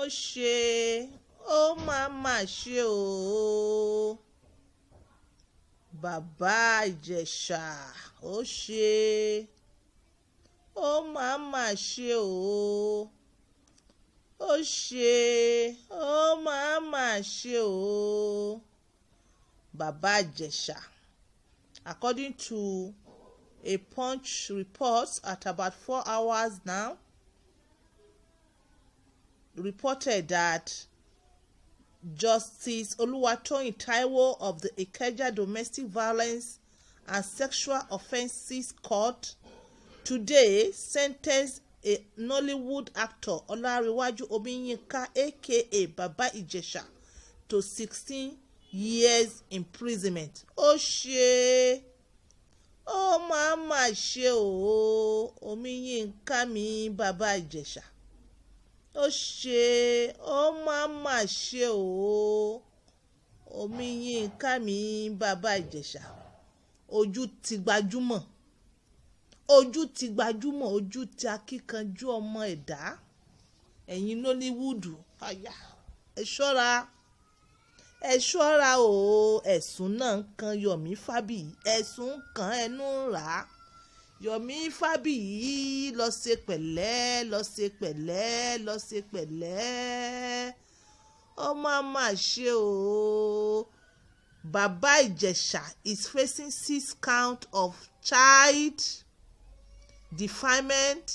ó ṣe ó máa mà ṣe o bàbá ìjẹ̀ṣà ó ṣe ó máa mà ṣe o ó ṣe ó máa mà ṣe o bàbá ìjẹ̀ṣà according to a punch report at about four hours now reported that Justice Oluwatoyin Taiwo of the Ikeja Domestic Violence and Sexual Offences Court today sentenced a Nollywood actor Olariwaju Obiyinka aka Baba Ijesha to sixteen years imprisonment. ó ṣe ó máa máa ṣe o Omiyinka mi Baba Ijesha ó ṣe ó máa mà ṣe o Omiyinka mi bàbá Ìjẹ̀ṣà ojú ti gbajúmọ̀ ojú ti gbajúmọ̀ ojú ti akíkanjú ọmọ ẹ̀dá ẹ̀yin Nollywood àyà ẹ ṣọ́ra ẹ ṣọ́ra o ẹ̀sùn náà kan Yọ̀mí Fábíyì ẹ̀sùn kan ẹnu ń Yomi Fabiyi lọ ṣe pẹ̀lẹ́ lọ ṣe pẹ̀lẹ́ lọ ṣe pẹ̀lẹ́ ó máa ma ṣe o Baba Ijesha is facing six count of child defilement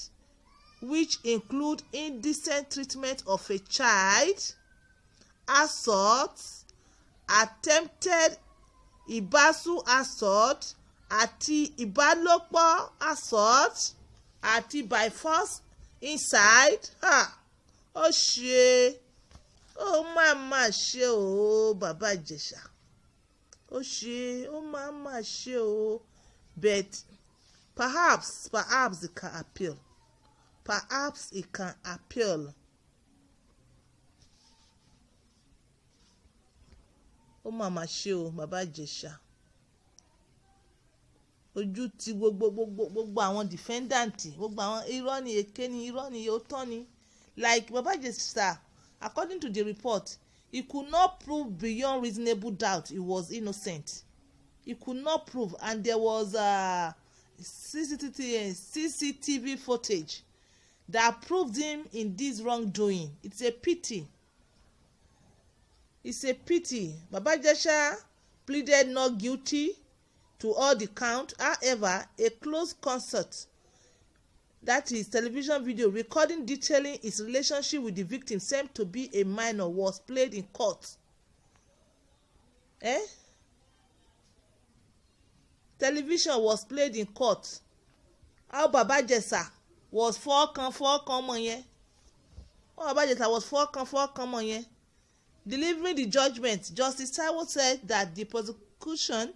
which include indecent treatment of a child assault attempted ibasu assault àti ìbálòpọ̀ assault àti by force inside ha ó ṣe ó máa máa ṣe o bàbá ìjẹ̀ṣà ó ṣe ó máa máa ṣe o but perhaps perhaps it can appeal perhaps it can appeal. ó máa máa ṣe o bàbá ìjẹ̀ṣà ojú ti gbogbo gbogbo gbogbo àwọn defendant gbogbo àwọn irọ́ ni èké ni irọ́ ni òótọ́ ni like baba jesa according to the report he could not prove beyond reasonable doubt he was innocent he could not prove and there was uh, CCTV, CCTV footage that proved him in this wrongdoing it's a pity it's a pity baba jesa pleaded not guilty to all the count however a close concert that is television video recording detailing his relationship with the victim seemed to be a minor was played in court eh? television was played in court how baba jesa was fọ́ọ̀kan fọ́ọ̀kan ọmọ yẹn how baba jesa was fọ́ọ̀kan fọ́ọ̀kan ọmọ yẹn delivering the judgment justice taiwo said that the prosecution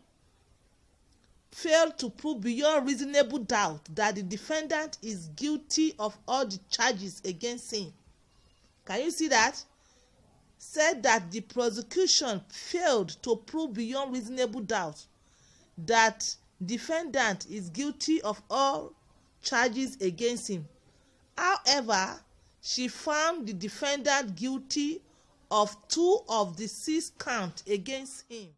failed to prove beyond reasonable doubt that the defendant is guilty of all the charges against him. Can you see that? Said that the prosecution failed to prove beyond reasonable doubt that defendant is guilty of all charges against him. However, she found the defendant guilty of two of the six counts against him.